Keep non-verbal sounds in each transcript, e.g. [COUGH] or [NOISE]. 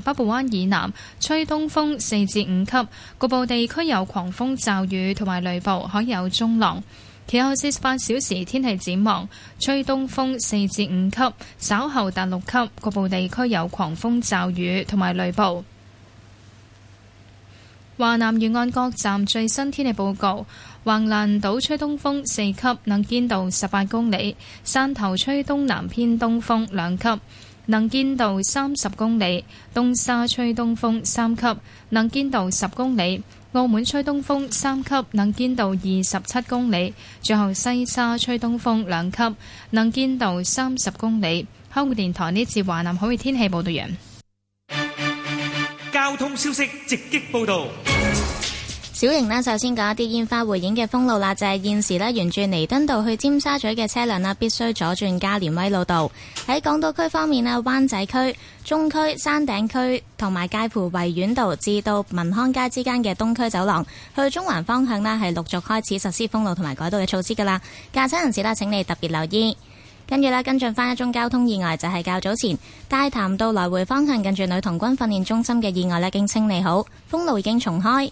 北部灣以南吹東風四至五級，局部地區有狂風驟雨同埋雷暴，可有中浪。其後四十八小時天氣展望：吹東風四至五級，稍後達六級，局部地區有狂風驟雨同埋雷暴。華南沿岸各站最新天氣報告：橫欄島吹東風四級，能見度十八公里；汕頭吹東南偏東風兩級。能見度三十公里，東沙吹東風三級，能見度十公里；澳門吹東風三級，能見度二十七公里。最後西沙吹東風兩級，能見度三十公里。香港電台呢次華南海域天氣報道員，交通消息直擊報道。小型呢，首先講一啲煙花匯演嘅封路啦，就係現時呢，沿住彌敦道去尖沙咀嘅車輛呢，必須左轉加連威路道。喺港島區方面呢，灣仔區、中區、山頂區同埋介乎維園道至到民康街之間嘅東區走廊去中環方向呢，係陸續開始實施封路同埋改道嘅措施噶啦。駕車人士呢，請你特別留意。跟住呢，跟進翻一宗交通意外，就係較早前大潭道來回方向近住女童軍訓練中心嘅意外呢，已經清理好，封路已經重開。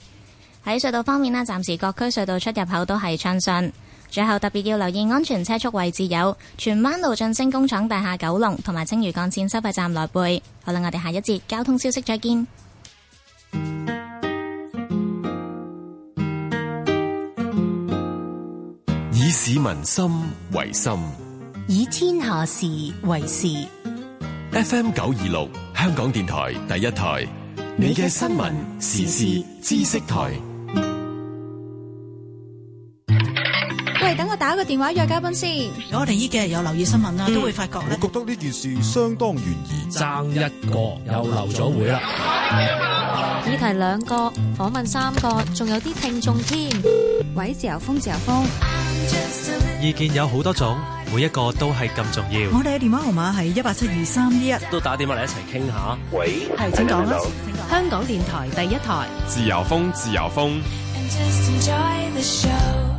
喺隧道方面呢，暫時各區隧道出入口都係暢順。最後特別要留意安全車速位置，有荃灣路駿星工廠大廈九龍同埋青嶼幹線收費站來背。好啦，我哋下一節交通消息再見。以市民心為心，以天下事為事。F M 九二六香港電台第一台，你嘅新聞時事知識台。電話約嘉賓先，我哋依幾日有留意新聞啦，嗯、都會發覺咧。我覺得呢件事相當懸疑，爭一個又漏咗會啦。議題兩個，訪問三個，仲有啲聽眾添。喂，自由風，自由風。意見有好多種，每一個都係咁重要。我哋嘅電話號碼係一八七二三一一，都打電話嚟一齊傾下。喂，係請講啦，請講。香港電台第一台，自由風，自由風。And just enjoy the show.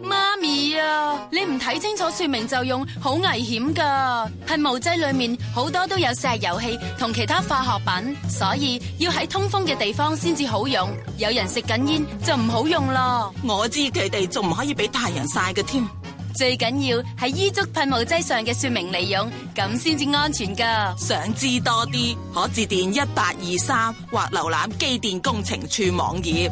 媽咪啊，你唔睇清楚說明就用，好危險噶！噴霧劑裏面好多都有石油氣同其他化學品，所以要喺通風嘅地方先至好用。有人食緊煙就唔好用咯。我知佢哋仲唔可以俾太陽曬嘅添。最緊要係依足噴霧劑上嘅說明嚟用，咁先至安全噶。想知多啲，可致電一八二三或瀏覽機電工程處網頁。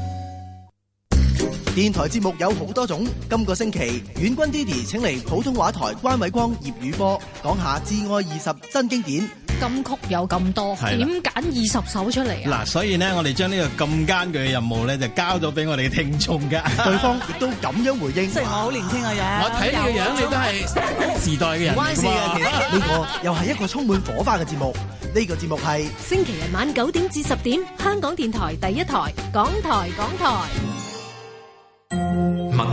電台節目有好多種，今個星期遠軍 Daddy 請嚟普通話台關偉光葉宇波講下至愛二十真經典金曲有咁多，點揀二十首出嚟啊？嗱，所以咧，我哋將呢個咁艱巨嘅任務咧，就交咗俾我哋聽眾噶。對方亦都咁樣回應，即係我好年輕嘅人，我睇你個樣，你都係時代嘅人。唔關事嘅，你個又係一個充滿火花嘅節目。呢個節目係星期日晚九點至十點，香港電台第一台，港台，港台。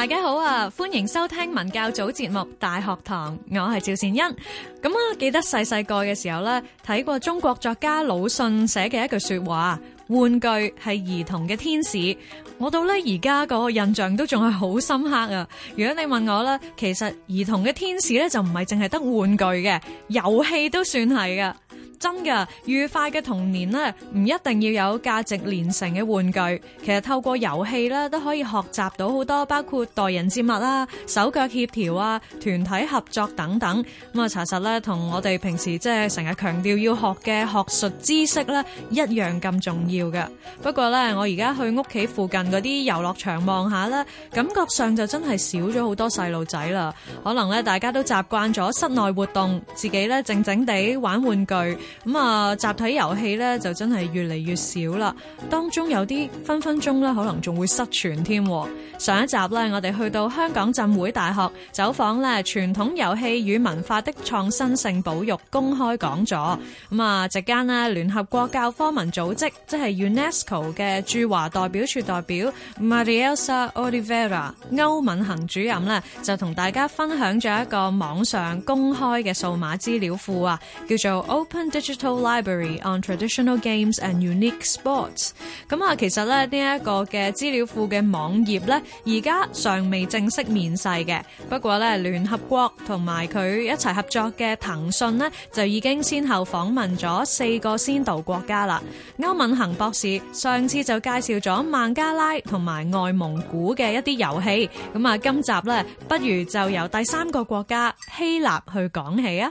大家好啊，歡迎收聽文教組節目《大學堂》，我係趙善欣。咁我記得細細個嘅時候咧，睇過中國作家魯迅寫嘅一句說話，玩具係兒童嘅天使。我到咧而家個印象都仲係好深刻啊。如果你問我咧，其實兒童嘅天使咧就唔係淨係得玩具嘅，遊戲都算係噶。真㗎，愉快嘅童年呢，唔一定要有價值連城嘅玩具。其實透過遊戲咧，都可以學習到好多，包括待人接物啦、手腳協調啊、團體合作等等。咁啊，查實咧，同我哋平時即係成日強調要學嘅學術知識咧，一樣咁重要嘅。不過咧，我而家去屋企附近嗰啲遊樂場望下咧，感覺上就真係少咗好多細路仔啦。可能咧，大家都習慣咗室內活動，自己咧靜靜地玩玩具。咁啊、嗯，集體遊戲咧就真係越嚟越少啦。當中有啲分分鐘咧，可能仲會失傳添。上一集咧，我哋去到香港浸會大學走訪咧，傳統遊戲與文化的創新性保育公開講座。咁、嗯、啊，席間咧，聯合國教科文組織即係 UNESCO 嘅駐華代表處代表 Marielza Oliveira 歐敏行主任咧，就同大家分享咗一個網上公開嘅數碼資料庫啊，叫做 Open。Digital Library on Traditional Games and Unique Sports。咁啊，其實咧呢一個嘅資料庫嘅網頁呢，而家尚未正式面世嘅。不過呢，聯合國同埋佢一齊合作嘅騰訊呢，就已經先後訪問咗四個先導國家啦。歐敏行博士上次就介紹咗孟加拉同埋外蒙古嘅一啲遊戲。咁啊，今集呢，不如就由第三個國家希臘去講起啊。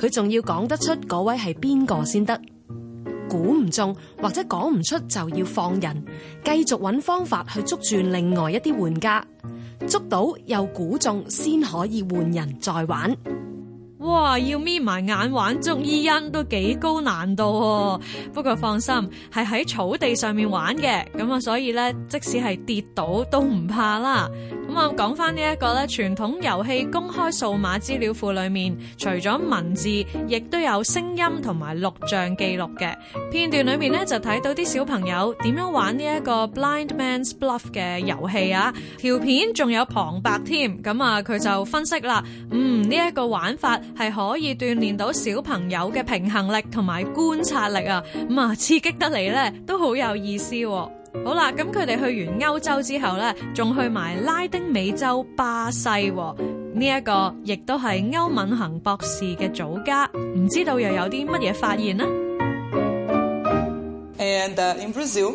佢仲要講得出嗰位係邊個先得，估唔中或者講唔出就要放人，繼續揾方法去捉住另外一啲玩家，捉到又估中先可以換人再玩。哇，要眯埋眼玩捉伊恩都幾高難度，不過放心，係喺草地上面玩嘅，咁啊，所以呢，即使係跌倒都唔怕啦。咁啊，講翻呢一個咧，傳統遊戲公開數碼資料庫裏面，除咗文字，亦都有聲音同埋錄像記錄嘅片段。裏面咧，就睇到啲小朋友點樣玩呢一個 Blind Man's Bluff 嘅遊戲啊。條片仲有旁白添，咁啊，佢就分析啦。嗯，呢一個玩法係可以鍛煉到小朋友嘅，嗯嗯這個，平衡力同埋觀察力啊。咁，嗯，啊，刺激得嚟咧都好有意思。好啦，咁佢哋去完歐洲之後咧，仲去埋拉丁美洲巴西喎。呢一個，亦都係歐敏行博士嘅祖家，唔知道又有啲乜嘢發現呢？And, uh, in Brazil.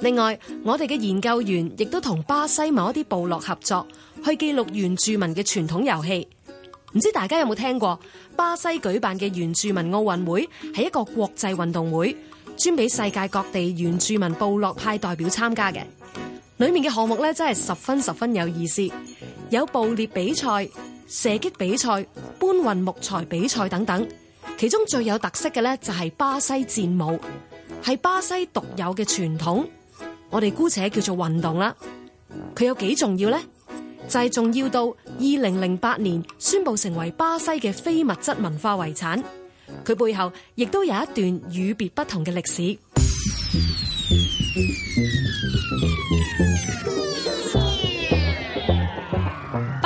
另外，我哋嘅研究員亦都同巴西某一啲部落合作，去記錄原住民嘅傳統遊戲。唔知大家有冇聽過？巴西舉辦嘅原住民奧運會係一個國際運動會，專俾世界各地原住民部落派代表參加嘅。裏面嘅項目咧真係十分十分有意思，有捕獵比賽、射擊比賽、搬運木材比賽等等。其中最有特色嘅咧就係巴西戰舞，係巴西獨有嘅傳統。我哋姑且叫做運動啦，佢有幾重要呢？就係重要到二零零八年宣布成為巴西嘅非物質文化遺產，佢背後亦都有一段與別不同嘅歷史。 [NOISE]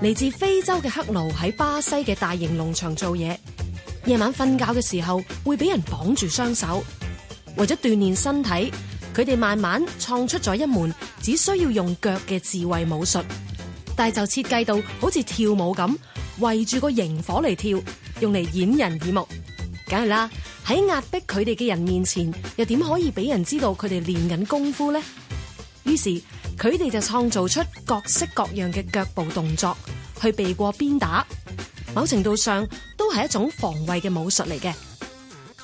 嚟自非洲嘅黑奴喺巴西嘅大型農場做嘢，夜晚瞓覺嘅時候會俾人綁住雙手，為咗鍛煉身體，佢哋慢慢創出咗一門只需要用腳嘅智慧武術，但就設計到好似跳舞咁，圍住個營火嚟跳，用嚟掩人耳目。梗係啦，喺壓迫佢哋嘅人面前，又點可以俾人知道佢哋練緊功夫咧？於是。佢哋就創造出各式各樣嘅腳步動作去避過鞭打，某程度上都係一種防衛嘅武術嚟嘅。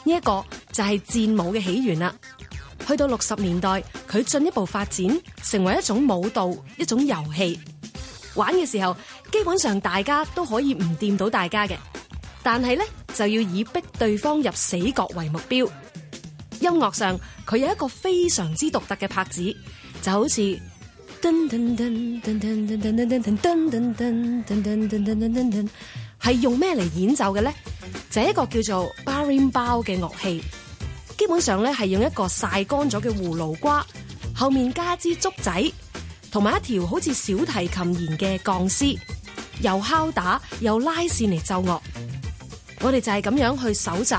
呢一個就係戰舞嘅起源啦。去到六十年代，佢進一步發展成為一種舞蹈、一種遊戲。玩嘅時候，基本上大家都可以唔掂到大家嘅，但係呢就要以逼對方入死角為目標。音樂上，佢有一個非常之獨特嘅拍子，就好似。噔噔噔噔噔噔噔噔噔噔噔噔噔噔噔噔噔，係用咩嚟演奏嘅咧？這，就是，個叫做 Berimbau 嘅樂器，基本上咧係用一個曬乾咗嘅葫蘆瓜，後面加支竹仔，同埋一條好似小提琴弦嘅鋼絲，又敲打又拉線嚟奏樂。我哋就係咁樣去搜集、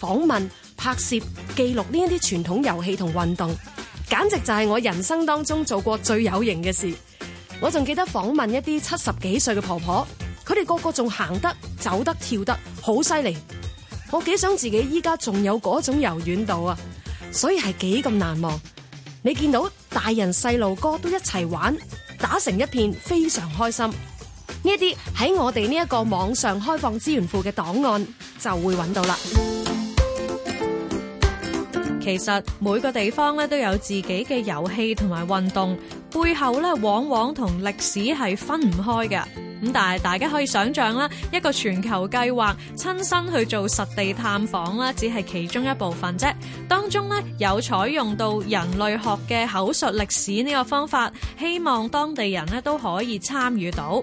訪問、拍攝、記錄呢一啲傳統遊戲同運動。簡直就係我人生當中做過最有型嘅事，我仲記得訪問一啲七十幾歲嘅婆婆，佢哋個個仲行得、走得、跳得好犀利，我幾想自己依家仲有嗰種柔軟度啊！所以係幾咁難忘。你見到大人、細路哥都一齊玩，打成一片，非常開心。呢一啲喺我哋呢一個網上開放資源庫嘅檔案就會揾到啦。其實每個地方咧，都有自己嘅遊戲同埋運動，背後咧，往往同歷史係分唔開嘅。咁但係大家可以想象啦，一個全球計劃，親身去做實地探訪啦，只係其中一部分啫。當中咧，有採用到人類學嘅口述歷史呢個方法，希望當地人咧，都可以參與到。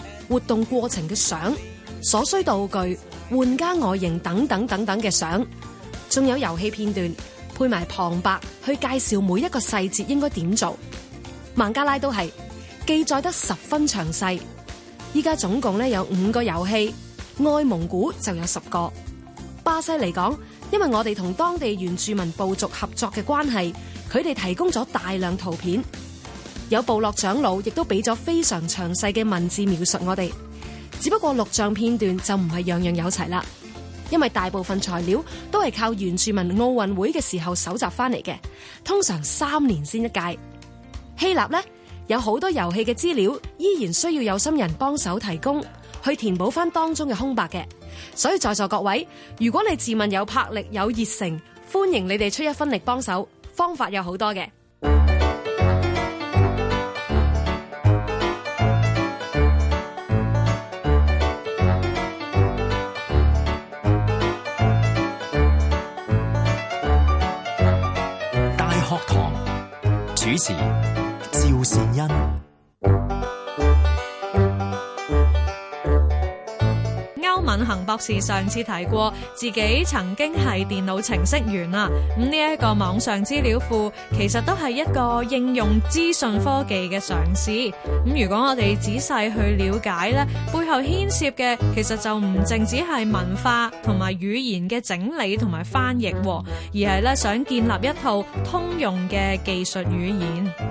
活動過程嘅相，所需道具、玩家外形等等等等嘅相，仲有遊戲片段，配埋旁白去介紹每一個細節應該點做。孟加拉都係記載得十分詳細。依家總共咧有五個遊戲，外蒙古就有十個。巴西嚟講，因為我哋同當地原住民部族合作嘅關係，佢哋提供咗大量圖片。有部落長老亦都俾咗非常詳細嘅文字描述我哋，只不過錄像片段就唔係樣樣有齊啦，因為大部分材料都係靠原住民奧運會嘅時候搜集翻嚟嘅，通常三年先一屆。希臘呢，有好多遊戲嘅資料依然需要有心人幫手提供去填補翻當中嘅空白嘅，所以在座各位，如果你自問有魄力，有熱誠，歡迎你哋出一分力幫手，方法有好多嘅。主持：趙善恩。 [NOISE] 博士上次提過，自己曾經係電腦程式員啦。咁呢一個網上資料庫，其實都係一個應用資訊科技嘅嘗試。咁如果我哋仔細去了解咧，背後牽涉嘅其實就唔淨止係文化同埋語言嘅整理同埋翻譯，而係咧想建立一套通用嘅技術語言。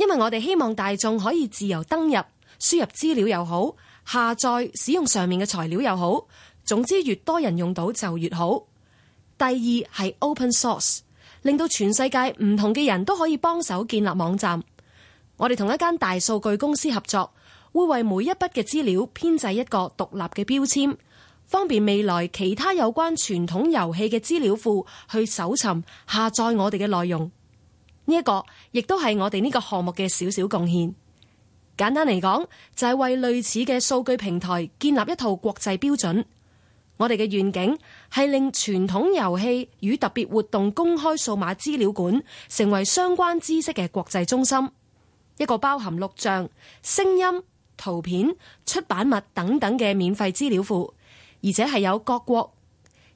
因為我哋希望大眾可以自由登入、輸入資料又好、下載使用上面嘅材料又好，總之越多人用到就越好。第二係 open source，令到全世界唔同嘅人都可以幫手建立網站。我哋同一間大數據公司合作，會為每一筆嘅資料編制一個獨立嘅標籤，方便未來其他有關傳統遊戲嘅資料庫去搜尋、下載我哋嘅內容。呢一個亦都係我哋呢個項目嘅少少貢獻。簡單嚟講，就係為類似嘅數據平台建立一套國際標準。我哋嘅願景係令傳統遊戲與特別活動公開數碼資料館成為相關知識嘅國際中心，一個包含錄像、聲音、圖片、出版物等等嘅免費資料庫，而且係有各國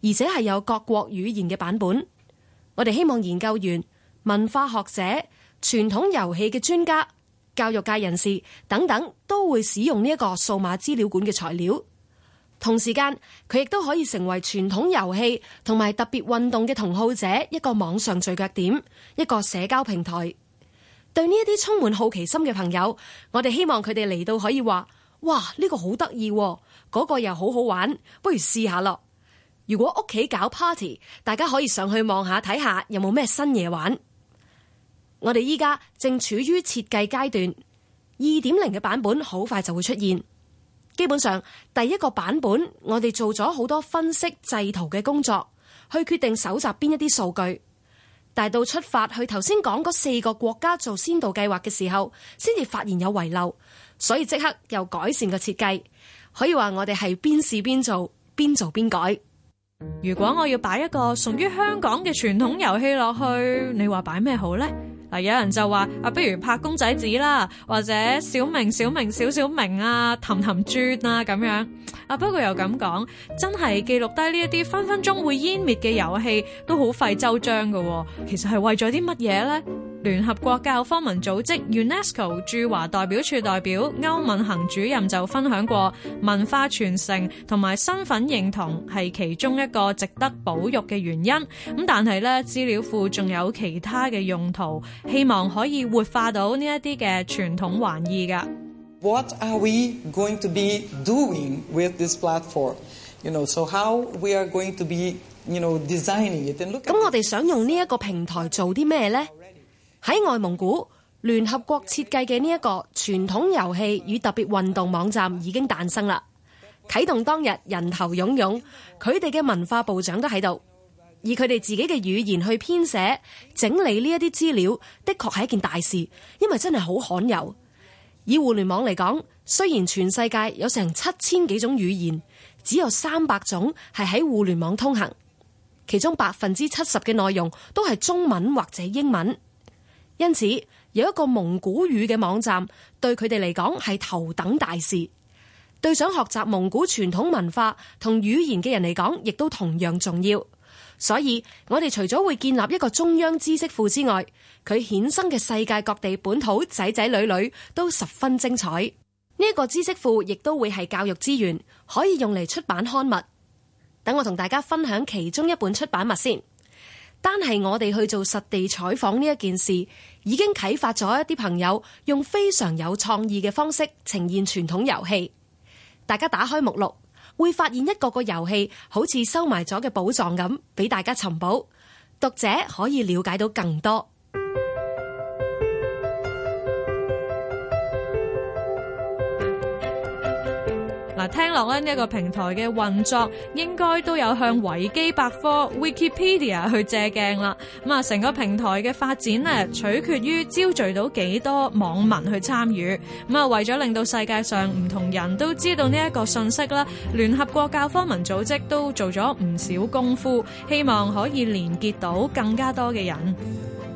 而且係有各國語言嘅版本。我哋希望研究員，文化學者、傳統遊戲嘅專家、教育界人士等等都會使用呢一個數碼資料館嘅材料。同時間，佢亦都可以成為傳統遊戲同埋特別運動嘅同好者一個網上聚腳點，一個社交平台。對呢一啲充滿好奇心嘅朋友，我哋希望佢哋嚟到可以話：哇，呢個好得意，嗰個又好好玩，不如試下咯。如果屋企搞 party，大家可以上去望下睇下，看看有冇咩新嘢玩。我哋依家正處於設計階段，二點零嘅版本好快就會出現。基本上第一個版本，我哋做咗好多分析製圖嘅工作，去決定搜集邊一啲數據。但到出發去頭先講嗰四個國家做先導計劃嘅時候，先至發現有遺漏，所以即刻又改善個設計。可以話我哋係邊試邊做，邊做邊改。如果我要擺一個屬於香港嘅傳統遊戲落去，你話擺咩好呢？嗱，有人就話啊，不如拍公仔紙啦，或者小明、小明、小小明啊，氹氹轉啊咁樣。啊，不過又咁講，真係記錄低呢一啲分分鐘會湮滅嘅遊戲，都好費周章㗎喎。其實係為咗啲乜嘢咧？聯合國教科文組織 UNESCO 駐華代表處代表歐敏行主任就分享過，文化傳承同埋身份認同係其中一個值得保育嘅原因。咁但係咧，資料庫仲有其他嘅用途，希望可以活化到呢一啲嘅傳統玩意噶。What are we going to be doing with this platform? You know, so how we are going to be designing it. 咁我哋想用呢一個平台做啲咩呢？喺外蒙古，聯合國設計嘅呢一個傳統遊戲與特別運動網站已經誕生啦。啟動當日人頭湧湧，佢哋嘅文化部長都喺度，以佢哋自己嘅語言去編寫整理呢一啲資料，的確係一件大事，因為真係好罕有。以互聯網嚟講，雖然全世界有成七千幾種語言，只有三百種係喺互聯網通行，其中百分之七十嘅內容都係中文或者英文。因此，有一個蒙古語嘅網站，對佢哋嚟講係頭等大事，對想學習蒙古傳統文化同語言嘅人嚟講，亦都同樣重要。所以，我哋除咗會建立一個中央知識庫之外，佢衍生嘅世界各地本土仔仔女女都十分精彩。呢一個知識庫亦都會係教育資源，可以用嚟出版刊物。等我同大家分享其中一本出版物先。單係我哋去做實地採訪呢一件事，已經啟發咗一啲朋友用非常有創意嘅方式呈現傳統遊戲。大家打開目錄，會發現一個個遊戲好似收埋咗嘅寶藏噉，畀大家尋寶。讀者可以了解到更多。聽落咧，呢一個平台嘅運作應該都有向維基百科 （Wikipedia） 去借鏡啦。咁啊，成個平台嘅發展咧，取決於招聚到幾多網民去參與。咁啊，為咗令到世界上唔同人都知道呢一個信息咧，聯合國教科文組織都做咗唔少功夫，希望可以連結到更加多嘅人。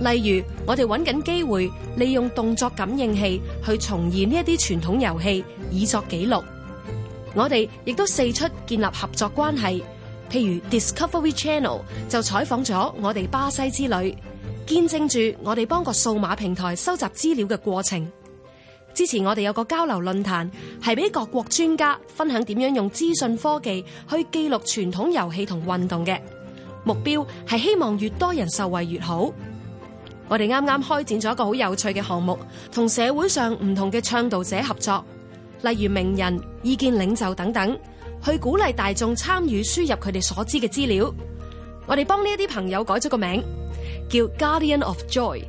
例如，我哋揾緊機會利用動作感應器去重現呢一啲傳統遊戲，以作記錄。我哋亦都四出建立合作關係，譬如 Discovery Channel 就採訪咗我哋巴西之旅，見證住我哋幫個數碼平台收集資料嘅過程。之前我哋有個交流論壇，係俾各國專家分享點樣用資訊科技去記錄傳統遊戲同運動嘅目標，係希望越多人受惠越好。我哋啱啱開展咗一個好有趣嘅項目，同社會上唔同嘅倡導者合作，例如名人、意見領袖等等，去鼓勵大眾參與輸入佢哋所知嘅資料。我哋幫呢一啲朋友改咗個名，叫 Guardian of Joy，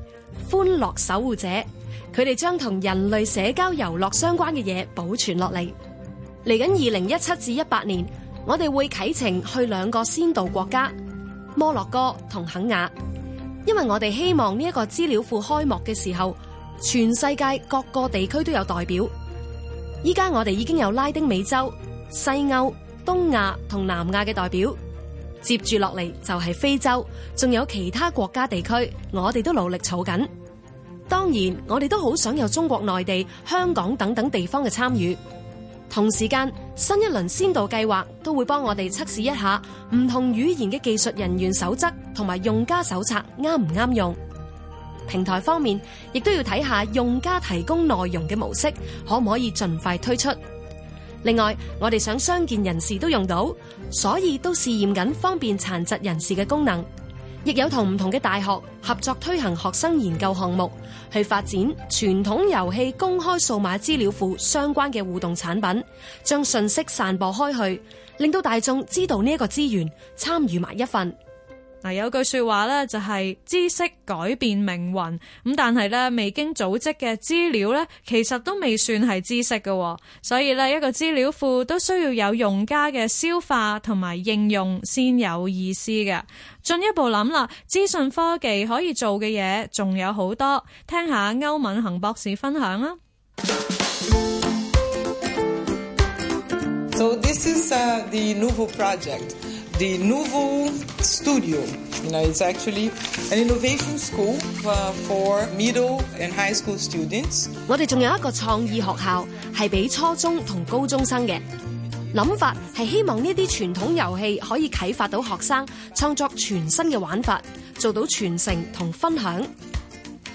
歡樂守護者。佢哋將同人類社交遊樂相關嘅嘢保存落嚟。嚟緊二零一七至一八年，我哋會啟程去兩個先導國家，摩洛哥同肯雅。因為我哋希望呢一個資料庫開幕嘅時候，全世界各個地區都有代表。依家我哋已經有拉丁美洲、西歐、東亞同南亞嘅代表，接住落嚟就係非洲，仲有其他國家地區，我哋都努力儲緊。當然，我哋都好想有中國內地、香港等等地方嘅參與。同時間，新一輪先導計劃都會幫我哋測試一下唔同語言嘅技術人員守則同埋用家手冊啱唔啱用。平台方面亦都要睇下用家提供內容嘅模式可唔可以盡快推出。另外，我哋想傷健人士都用到，所以都試驗緊方便殘疾人士嘅功能。亦有同唔同嘅大學合作推行學生研究項目，去發展傳統遊戲公開數碼資料庫相關嘅互動產品，將信息散播開去，令到大眾知道呢一個資源，參與埋一份。嗱，有句說話咧，就係知識改變命運。咁，但係咧，未經組織嘅資料咧，其實都未算係知識噶，所以咧，一個資料庫都需要有用家嘅消化同埋應用先有意思嘅。進一步諗啦，資訊科技可以做嘅嘢仲有好多，聽下歐敏恆博士分享啦。So this is、uh, the n o v e project. The Nouveau Studio, you know, it's actually an innovation school for middle and high school students. 我哋仲有一個創意學校，係俾初中同高中生嘅。諗法係希望呢啲傳統遊戲可以啟發到學生創作全新嘅玩法，做到傳承同分享。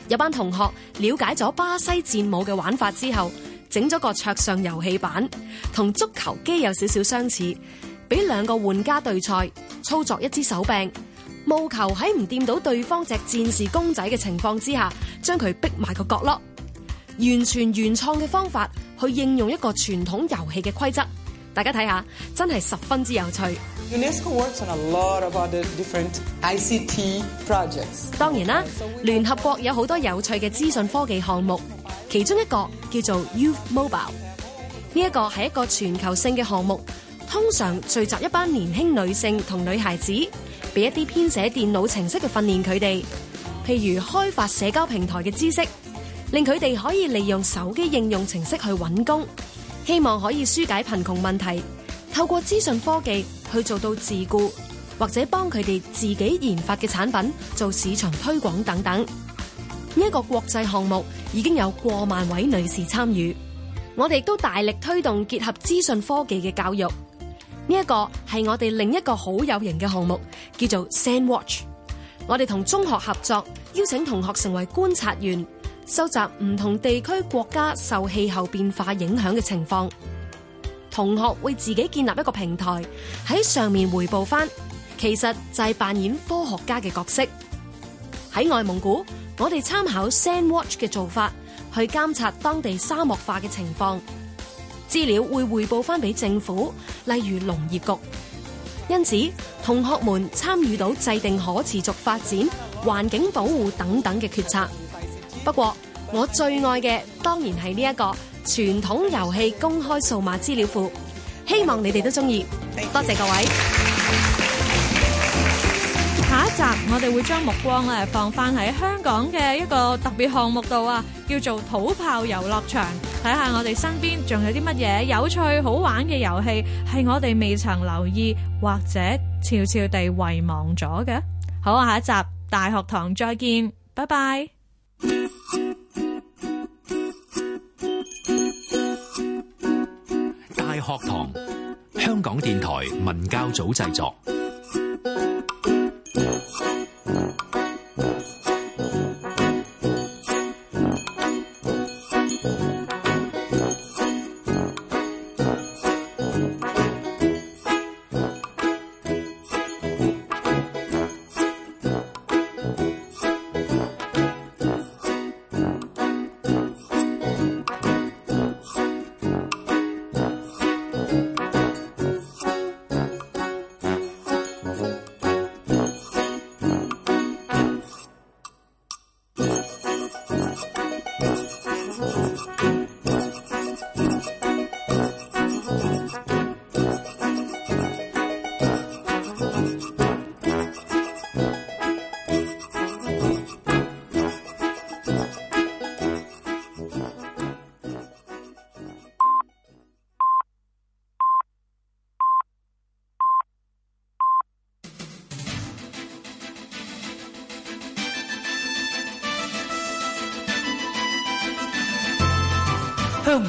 有班同學了解咗巴西戰舞嘅玩法之後，整咗個桌上遊戲版，同足球機有少少相似。俾兩個玩家對賽，操作一支手柄，務求喺唔掂到對方隻戰士公仔嘅情況之下，將佢逼埋個角落。完全原創嘅方法去應用一個傳統遊戲嘅規則，大家睇下，真係十分之有趣。UNESCO 當然啦，所以聯合國有好多有趣嘅資訊科技項目，其中一個叫做 Youth Mobile，呢一個係一個全球性嘅項目。通常聚集一班年輕女性同女孩子，俾一啲編寫電腦程式嘅訓練佢哋，譬如開發社交平台嘅知識，令佢哋可以利用手機應用程式去揾工，希望可以紓解貧窮問題。透過資訊科技去做到自僱，或者幫佢哋自己研發嘅產品做市場推廣等等。呢一個國際項目已經有過萬位女士參與，我哋亦都大力推動結合資訊科技嘅教育。呢一個係我哋另一個好有型嘅項目，叫做 Sandwatch。我哋同中學合作，邀請同學成為觀察員，收集唔同地區國家受氣候變化影響嘅情況。同學會自己建立一個平台喺上面回報翻，其實就係扮演科學家嘅角色。喺外蒙古，我哋參考 Sandwatch 嘅做法去監察當地沙漠化嘅情況。資料會匯報翻俾政府，例如農業局。因此，同學們參與到制定可持續發展、環境保護等等嘅決策。不過，我最愛嘅當然係呢一個傳統遊戲公開數碼資料庫，希望你哋都中意。謝謝多謝各位。下一集我哋會將目光咧，放翻喺香港嘅一個特別項目度啊，叫做土炮遊樂場，睇下我哋身邊仲有啲乜嘢有趣好玩嘅遊戲係我哋未曾留意或者悄悄地遺忘咗嘅。好啊，下一集大學堂再見，拜拜。大學堂，香港電台文教組製作。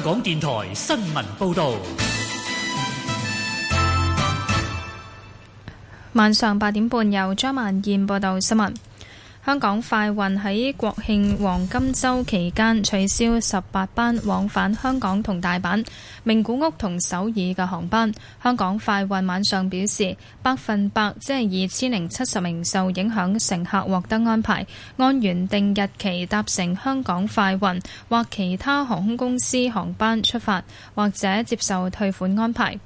香港電台新聞報道。晚上八點半，由張曼燕報道新聞。香港快運喺國慶黃金週期間取消十八班往返香港同大阪、名古屋同首爾嘅航班。香港快運晚上表示，百分百，即係二千零七十名受影響乘客獲得安排，按原定日期搭乘香港快運或其他航空公司航班出發，或者接受退款安排。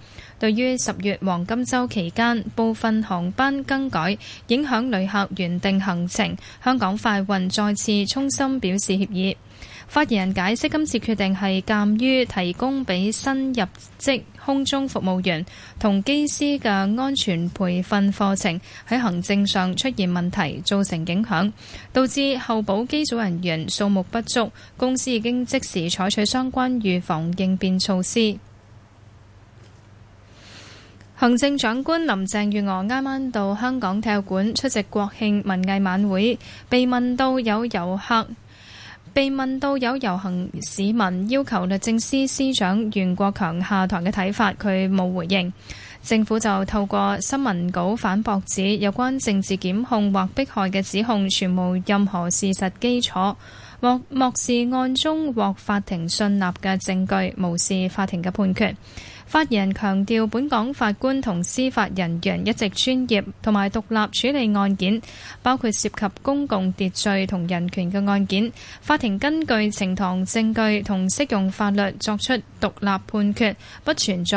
對於十月黃金週期間部分航班更改，影響旅客原定行程，香港快運再次衷心表示歉意。發言人解釋，今次決定係鑑於提供俾新入職空中服務員同機師嘅安全培訓課程喺行政上出現問題，造成影響，導致候補機組人員數目不足，公司已經即時採取相關預防應變措施。行政長官林鄭月娥啱啱到香港體育館出席國慶文藝晚會，被問到有遊客被問到有遊行市民要求律政司司長袁國強下台嘅睇法，佢冇回應。政府就透過新聞稿反駁指，指有關政治檢控或迫害嘅指控，全無任何事實基礎，或漠視案中獲法庭信納嘅證據，無視法庭嘅判決。發言人強調本港法官同司法人員一直專業同埋獨立處理案件，包括涉及公共秩序同人權嘅案件。法庭根據呈堂證據同適用法律作出獨立判決，不存在。